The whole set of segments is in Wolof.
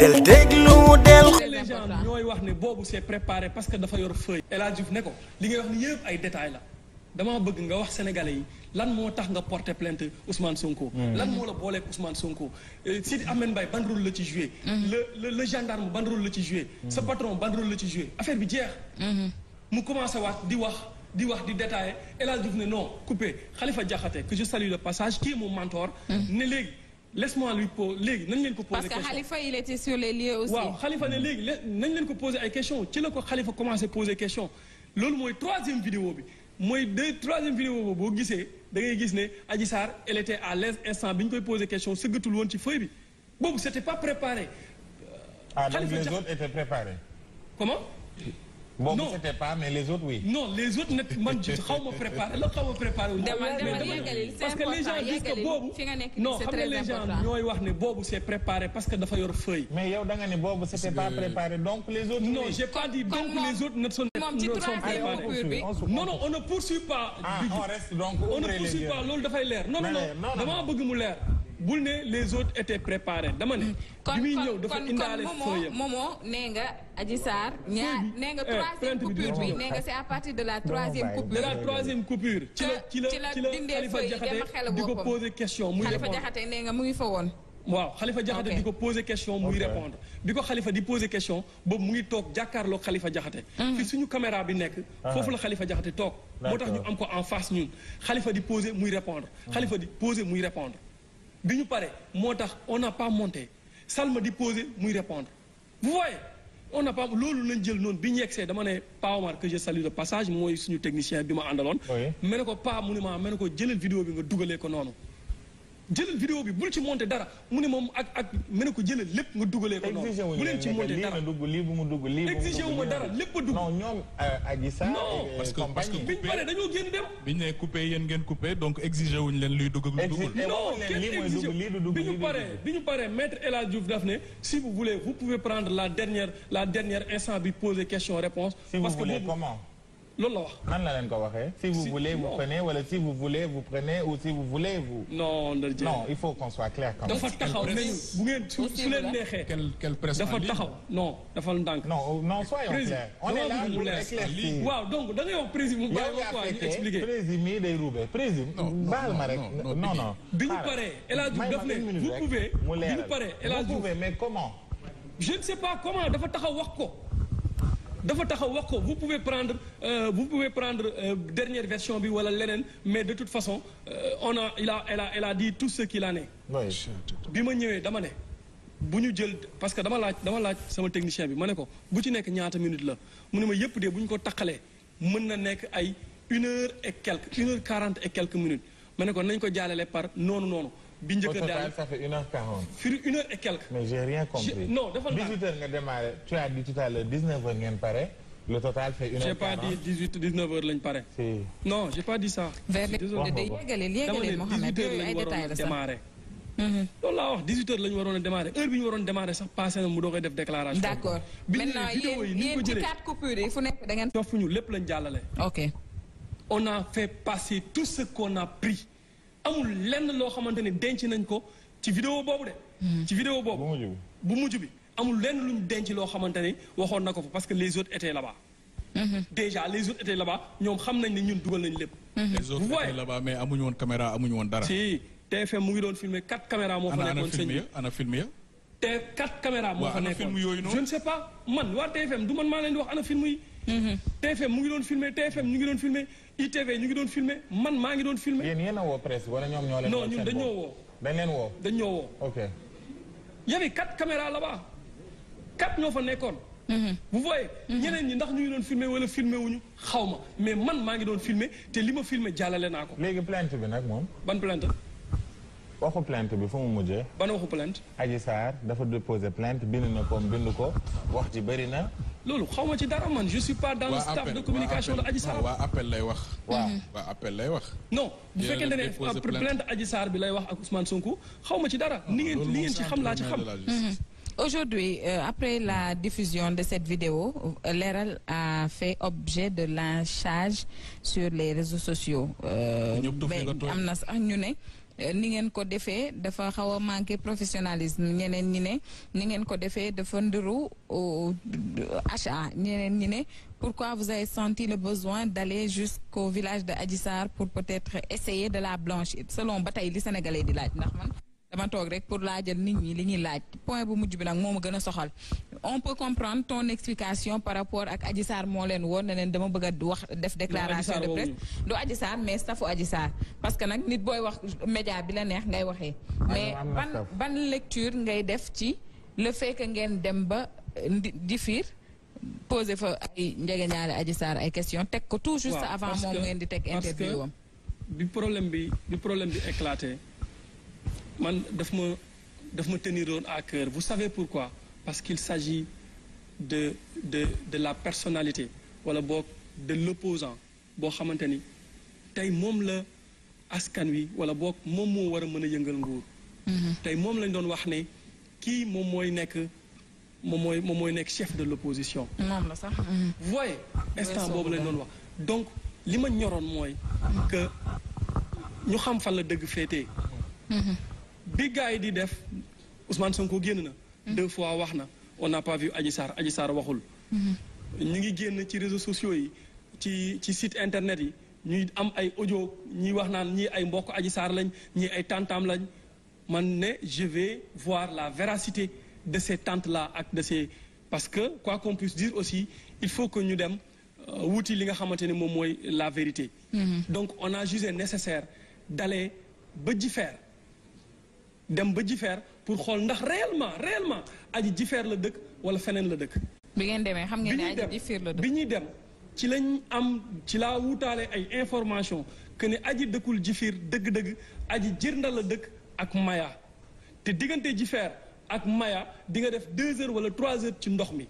del déglu del. les gens ñooy wax ne boobu se préparé parce que dafa yor feuille. El Hadj ne ko li ngay wax ni yëpp ay détails la damaa bëgg nga wax sénégalais yi lan moo tax nga porter plainte Ousmane Sonko. Hmm. lan moo la booleeg Ousmane Sonko. Euh, Sidi Ahmed Mbaye ban rôle la ci joué. Hmm. le le le gendarme ban rôle la ci joué. Hmm. sa patron ban la ci joué affaire bi jeex. mu commencé waat di wax. di wax di détaillé El Hadj Diouf ne non coupé Khalifa Diakhaté que je salue le passage qui est laisse-moi lui poser léegi nañ leen ko poser. parce que Khalifa il était sur les lieux aussi. Khalifa ne léegi nañ leen ko poser ay question ci la ko Khalifa commencé poser question loolu mooy troisième vidéo bi mooy deux troisième vidéo boobu boo gisee da ngay gis ne Adji Sarr elle était à l'aise instant bi ñu koy poser question sëggatul woon ci foy bi boobu c'était pas préparé. Khalifa ah donc les autres étaient préparés. comment. Bon, non c'était pas mais les autres non les autres nag man xaw ma préparé la xaw ma préparé wu. parce que les gens disent que boobu. non xam nga les gens ñooy wax ne boobu c'est préparé parce que dafa yor feuille. mais yow da nga ne boobu c'était pas préparé donc les autres. non j'ai pas dit donc les autres ne sont préparés. non non on ne poursuit pas. ah on reste donc on ne poursuit pas loolu dafay leer. non non non dama bëgg mu leer. bul ne les autres étaient préparés dama ne. bi muy ñëw dafa indaale kon kon momo nee nga Adji Sarr. ñaar eh, nee nga troisième coupure bi nee nga c'est à partir de la troisième coupure. de la troisième coupure. Ah, ci la ci la ci la Khalifa Diakhaté di ko poser question muy répondre. nga mu ngi fa woon. waaw Khalifa Diakhaté di question muy répondre bi ko xalifa di poser question boobu mu ngi toog jàkkaarloog Khalifa Diakhaté mm. fi suñu caméra bi nekk ah. foofu la xalifa jaxate toog moo tax ñu am ko en face ñun xalifa di poser muy répondre xalifa di poser muy répondre bi ñu paree moo tax on n'a pas monté Salma di poser muy répondre vous voyez on n'a pas loolu lañ jël noonu bi ñu yegsee dama ne Pa Omar que je salue passage mooy suñu technicien bi ma àndaloon. oui mën ko Pa mu ne ma mën ko jëlal vidéo bi nga dugalee ko noonu. jël vidéo bi bul ci monté dara mu ne moom ak ak mu ne ko jëlal lépp nga dugalee ko noonu bu leen ci monté dara lii bu mu dugg lii bu dara lépp a dugg non ñoom euh, Adji Sarr non parce que parce dañoo génn dem biñ ne coupé yéen ngeen coupé donc exigé leen luy dugg ak dugg non kenn exigé bi ñu paree bi ñu paree maître El Hadj Diouf daf ne si vous voulez vous pouvez prendre la dernière la dernière instant bi poser question réponse parce que comment loolu la wax. nan leen ko waxee. si vous voulez vous prenez wala si vous voulez vous prenez ou si vous voulez vous. non non il faut qu'on soit clair quand même. dafa taxaw non dafa ndànk. non non soyons clairs. on est là pour éclaircir. waaw donc da ngay wax présume. bàyyi ma quoi ñu expliquer présume mi day ruubee présume. baal ma rek non non. bi ñu paree El Hadj daf ne vous pouvez. mu mais comment. je ne sais pas comment dafa taxaw wax ko. dafa taxaw wax ko bu pouvez prendre euh, vous pouvez prendre euh, dernière version bi wala leneen mais de toute façon euh, on a il a elle a elle a dit tout ce qu'il en est. bi ma ñëwee dama ne bu ñu jël parce que dama laaj dama laaj sama technicien bi ma ne ko bu ci nekk ñaata minute la mu ne ma yëpp de bu ñu ko taqalee mën na nekk ay une heure et quelques une heure quarante et quelques minutes ma ne ko nañ ko jàllale par noonu noonu. bi njëkk daal ça fait une heure quarante. sur une heure et quelques. mais j'ai rien compris. Je... non dafa dix-huit heures nga démarré tu as dit tout à l'heure dix-neuf heures ngeen pare. le total fait une heure quarante. j'ai pas dit dix-huit dix-neuf heures lañ pare. si non j'ai pas dit ça. désolé day yégale yégale Mohamed yooyu ay détails la sax mhm. loolu laa wax 18 heures la ñu waroon a démarrer heure bi ñu waroon a démarrer sax passé na mu doog a def déclaration. d'accord maintenant yéen yéen ci quatre coupures yi fu nekk da ngeen. cofuñu lépp lañ jàllale. ok on a fait passer tout ce qu'on a pris. amul lenn loo xamante ni denc nañ ko ci vidéo boobu de. Hmm. ci vidéo boobu. bu mujj bi amul lenn luñ denc loo xamante ni waxoon na ko fa parce que les autres étaient là-bas. Hmm. déjà les autres étaient là ñoom xam nañ ne ñun dugal nañ lépp. Hmm. les amuñu woon caméra amuñu woon dara. si TFM mu ngi doon filmer quatre caméras moo fa nekkoon sëñ bi ana film ya te quatre caméras moo fa nekkoon je ne sais pas man waa TFM du man maa leen di wax ana film yi. TFM mm-hmm. mu ngi doon filmé TFM ñu ngi doon filmé ITV ñu ngi doon filmé man maa ngi doon filmé. yéen yéen a woo presse wala ñoom ñoo leen. non ñun dañoo woo. dañ leen woo dañoo woo. ok y kat quatre la là-bas quatre ñoo fa nekkoon. bu mm-hmm. voyez. Mm-hmm. ñeneen ñi ndax ñu ngi doon filmé wala filmé wuñu xaw ma mais man maa ngi doon filmé te li ma filmé jàllale naa ko. léegi plainte bi nag moom. ban plainte. waxu plainte bi fu mu mujjee. ban waxu plainte. Adji Sarr dafa déposé plainte bind na ko bind ko wax ji bëri na. loolu xaw ma ci dara man je suis pas dans le staff lay wax. waaw waa mhm. lay wax. non bu fekkente ne plainte Adji Sarr bi lay wax ak Ousmane Sonko xaw ma ci dara. ni ngeen li ngeen ci xam laa ci xam. Mhm. Aujourd'hui, euh, après la diffusion de cette vidéo, euh, Leral a fait objet de lynchage sur les réseaux sociaux. Euh, am na sax ñu ne Eh, ni ngeen ko defee dafa xaw a manqué professionnalisme ñeneen ñi ne ni ngeen ko defee dafa nduru HA euh, ñeneen ñi ne pourquoi vous avez senti le besoin d'aller jusqu'au village de Adjissar pour peut-être essayer de la blanchir selon ba tey li sénégalais di laaj ndax man dama toog rek pour laajal nit ñi li ñuy laaj point bu mujj bi nag moom ma gën a soxal on peut comprendre ton explication par rapport ak Adji Sarr moo leen woon ne leen dama bëgg a wax def déclaration de presse du Adji Sarr mais staffu Adji Sarr parce que nag nit booy wax média bi la neex ngay waxee mais ban ban lecture ngay def ci le fait ngeen dem ba euh, di fiir poser fa ay njegeñaale Adji Sarr ay question teg ko tout juste avant moom ngeen di teg interview am bi problème bi bi problème bi éclaté man daf ma daf ma tenir woon à cœur vous savez pourquoi parce qu'il s'agit de de de la personnalité wala boog de l'opposant boo xamante ni tey moom la askan wi wala boog moom moo war a mën a yëngal nguur mhm. tey moom lañ doon wax ne kii moom mooy nekk moom mooy moom mooy nekk chef de l'opposition moom la sax mhm. vous instant boobu lañ doon wax donc li ma ñoroon mooy que ñu xam fan la dëgg féetee mhm. bi gars yi di def Ousmane Sonko génn na deux fois wax na on n'a pas vu Adji Sarr Adji Sarr waxul. Mhm. ñu ngi génn ci réseau sociaux yi ci ci site internet yi ñuy am ay audio ñuy wax naan ñii ay mbokk Adji Sarr lañ ñii ay tantam lañ man ne je vais voir la véracité de ces tantes la ak de ces parce que quoi qu'on puisse dire aussi il faut que ñu dem euh, wuti li nga xamante ne moom mooy la vérité. Mhm. donc on a jugé nécessaire d'aller ba feer dem ba ji feer pour xool ndax réellement réellement aji jifeer la dëkk wala feneen la dëkk. bi ngeen demee xam ngeen ne aji jifeer la dëkk bi ñuy dem ci lañ am ci laa wutaale ay information que ne aji dëkkul jifeer dëgg-dëgg aji jërnda la dëkk ak maya te diggante jifeer ak maya di nga def deux heures wala trois heures ci ndox mi.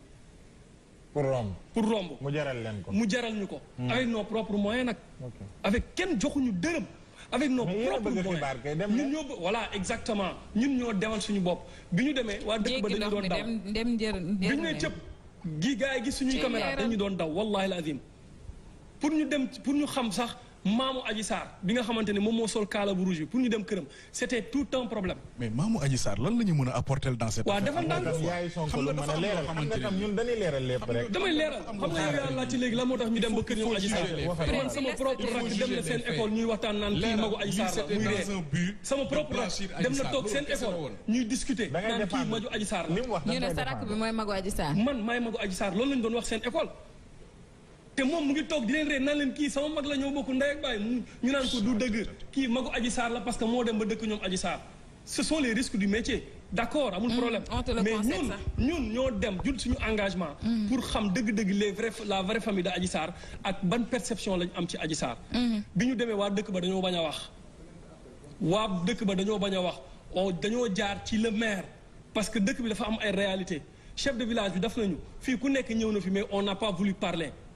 pour romb pour romb. mu jaral leen ko mu jaral ñu ko. Hmm. avec nos propres moyens nag. avec kenn joxuñu dërëm. avec nos propres moyens ñun ñoo voilà exactement ñun ñoo demal suñu bopp bi ñu demee waa dëkk ba dañu doon daw bi ñu nee cëpp gi gars yi gi suñuy ñu dañu doon daw wallahi la azim pour ñu dem pour ñu xam sax maamu Adji Sarr bi nga xamante ne moom moo sol kaala bu rouge bi pour ñu dem këram c' était tout un problème. mais maamu Adji Sarr ñu a apporter dans cette. loo xam ñun dem naan kii maju Adji Sarr ñu doon wax seen école te moom mu ngi toog di leen ree naan leen kii sama mag la ñoo bokk ndey ak baay ñu naan ko du dëgg kii magu Adji Sarr la parce que moo dem ba dëkk ñoom Adji Sarr ce sont les risques du métier d'accord amul mm, problème mais ñun ñun ñoo dem jul suñu engagement mm. pour xam dëgg-dëgg les vrais la vraie famille de Adji Sarr ak ban perception lañ am ci Adji Sarr mm. bi ñu demee waa dëkk ba dañoo bañ a wax waa dëkk ba dañoo bañ a wax dañoo jaar ci le maire parce que dëkk bi dafa am ay réalité chef de village bi daf nañu fii ku nekk ñëw na fi mais on n'a pas voulu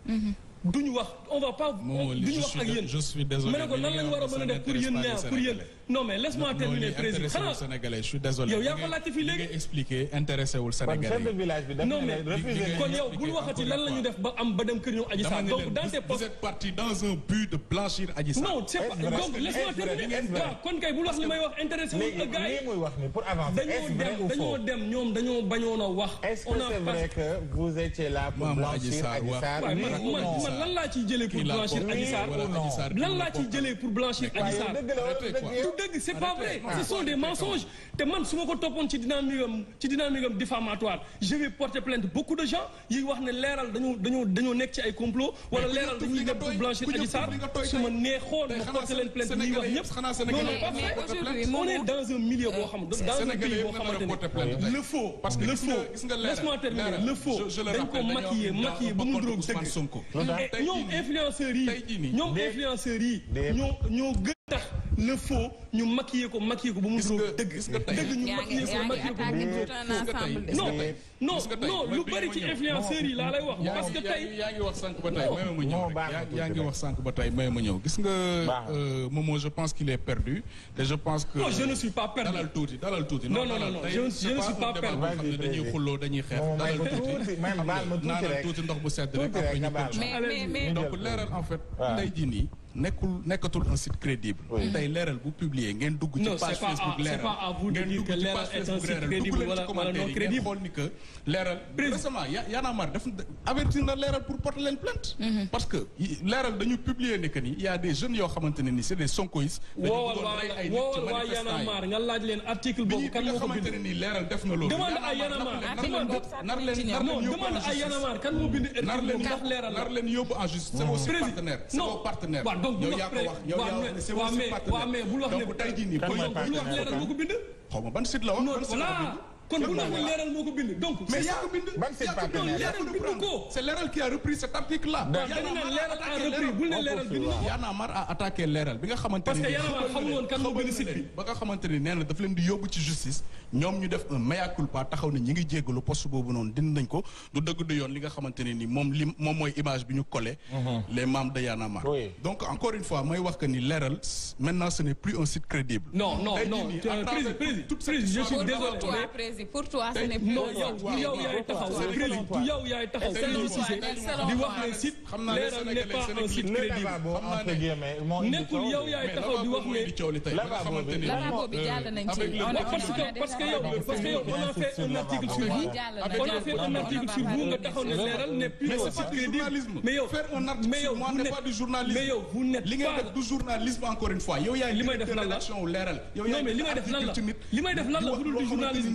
Mm-hmm. duñu wax on va pas. duñu wax ak yéen je suis désolé mais nag nan lañu war a mën a def pour yéen ñaar pour yéen. non mais laisse-moi terminer président xanaa sénégalais je suis désolé. yow yaa ko laajte fii léegi expliqué intéressé wul sénégalais yi. kon chef de village bi non mais kon yow bul waxati lan la ñu def ba am ba dem kër ñëw Adji Sarr donc dans ces postes vous êtes parti dans un but de blanchir Adji Sarr. non c'est pas donc laisse-moi terminer waaw kon kay bul wax li may wax intéressé wul ak gars yi muy wax ni pour avancer dañoo dem dañoo dem ñoom dañoo bañoon a wax. on a pas est-ce que c'est vrai que vous étiez là pour blanchir Adji Sarr man lan laa ciy jëlee pour blanchir Adji Sarr lan laa ciy jëlee pour du dëgg c'est pas vrai ce sont des mensonges te man su ma ko toppoon ci dynamique am diffamatoire je vais plainte beaucoup de gens yi wax ne leeral dañoo nekk ci ay complot wala leeral dañuy nekk pour blanchir Adji su ma neexoon ma porter leen plainte ñuy wax ñëpp non non dans un milieu euh, boo xam dans un pays boo xamante ne le faux le dañ ko maquiller maquiller ba mu dróog dëgg ñoom influenceurs yi ñoom influenceurs yi ñoo ñoo gën tax le faux ñu maquiller ko maquiller ko ba mu dëgg dëgg ñu maquiller ko maquiller ko non non non lu bari ci influenceurs yi laa lay wax parce que tey yaa ngi wax sànq ba tey may ma ñëw yaa ngi wax sànq ba tey may ma ñëw gis nga euh, Momo je pense qu'il est perdu te je pense que non je ne suis pas perdu dalal tuuti dalal tuuti non non non je ne suis pas perdu dañuy xulloo dañuy xeex dalal tuuti naanal tuuti ndox bu sedd rek après ñu donc leeral en fait tey jii nii nekkul nekkatul un site bu publier ngeen dugg. ci page Facebook leeral c'est pas à vous de dire que leeral est un site crédible ngeen xool ni leeral. récemment Y'en def avertir na leeral pour porter leen plainte. Mhm. parce que leeral dañu publier ne que ni y a des jeunes yoo xamante ne ni c'est des sonkoïstes. dañu bëggoon rey ay nit ci manifestant nga laaj leen article boobu leeral def na loolu. nar leen nar leen yóbbu en justice. c'est vos partenaires. donc bu wax pré waaw mais waaw mais bul wax ne. donc tey jii nii. xaw ma ban site la wax ban site la kon bu la leeral moo ko bind donc. mais yaa ko bind bind ko. c'est leeral qui a repris cet article là. yaa na leeral a repris bul ne leeral bind ko. yaa na mar a attaqué leeral bi nga xamante ni. parce que yàlla xamul woon kan moo bind site bi. ba nga xamante ni nee na daf leen di yóbbu ci justice ñoom ñu def un mea culpa taxaw ne ñi ngi jéggalu poste boobu noonu dindi nañ ko du dëgg du yoon li nga xamante ne ni moom li moom mooy image bi ñu collé. Mm-hmm. les membres de Y'en a marre. donc encore une fois may wax que ni leeral maintenant ce n'est plus un site crédible. non non non euh, président président je suis désolé aussi pour toi ce n'est plus possible yow yaay taxaw crédit yow yaay taxaw Seydou Cissé di wax ne site Leral n'est pas un site crédible nekkul yow yaay taxaw di wax ne lavabo bi euh, jàll nañ ci parce que parce que yow parce que yow on a fait un article sur vous on a fait un article sur vous nga taxaw ne Leral n'est plus un site crédible mais yow faire un article sur moi n'est pas du journalisme mais yow vous n'êtes pas li ngay def du journalisme encore une fois yow yaay li may def lan la yow yaay non mais li may def lan la li may def lan la bu dul du journalisme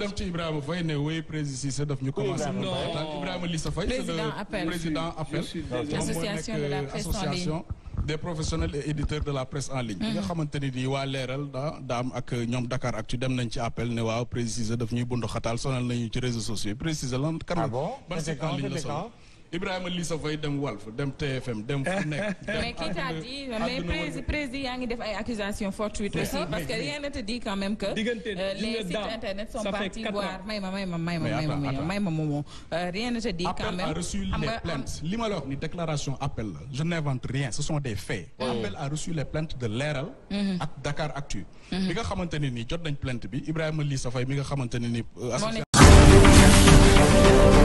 dem ci Ibrahima Faye ne oui président sa daf ñu commencé. Ibrahima Lissa Faye. président appel association des professionnels et éditeurs de la presse en ligne. nga mhm. xamante ni nii waa leeral daa daam ak ñoom Dakar ak ci dem nañ ci appel ne waaw préciser def ñuy bund xataal sonal nañu ci réseaux sociaux préciser lan. ah en ligne la sonal. Ibrahima Lissa Faye dem Walf dem TFM dem fu nekk. mais qui t'a dit mais prési yaa ngi def ay accusations fortuites aussi parce que rien ne te dit quand même que. Euh, les sites internet sont partis voir may ma may ma may ma moomoo. Euh, rien ne te dit quand même a reçu les plaintes li ni déclaration appel la je n'invente rien ce sont des faits. Mm. appel a reçu les plaintes de Leral. Mm-hmm. ak Dakar Actu. Mm-hmm. bi nga xamante ni nii jot nañ plainte bi Ibrahima Lissa Faye mi nga xamante ne nii. Euh,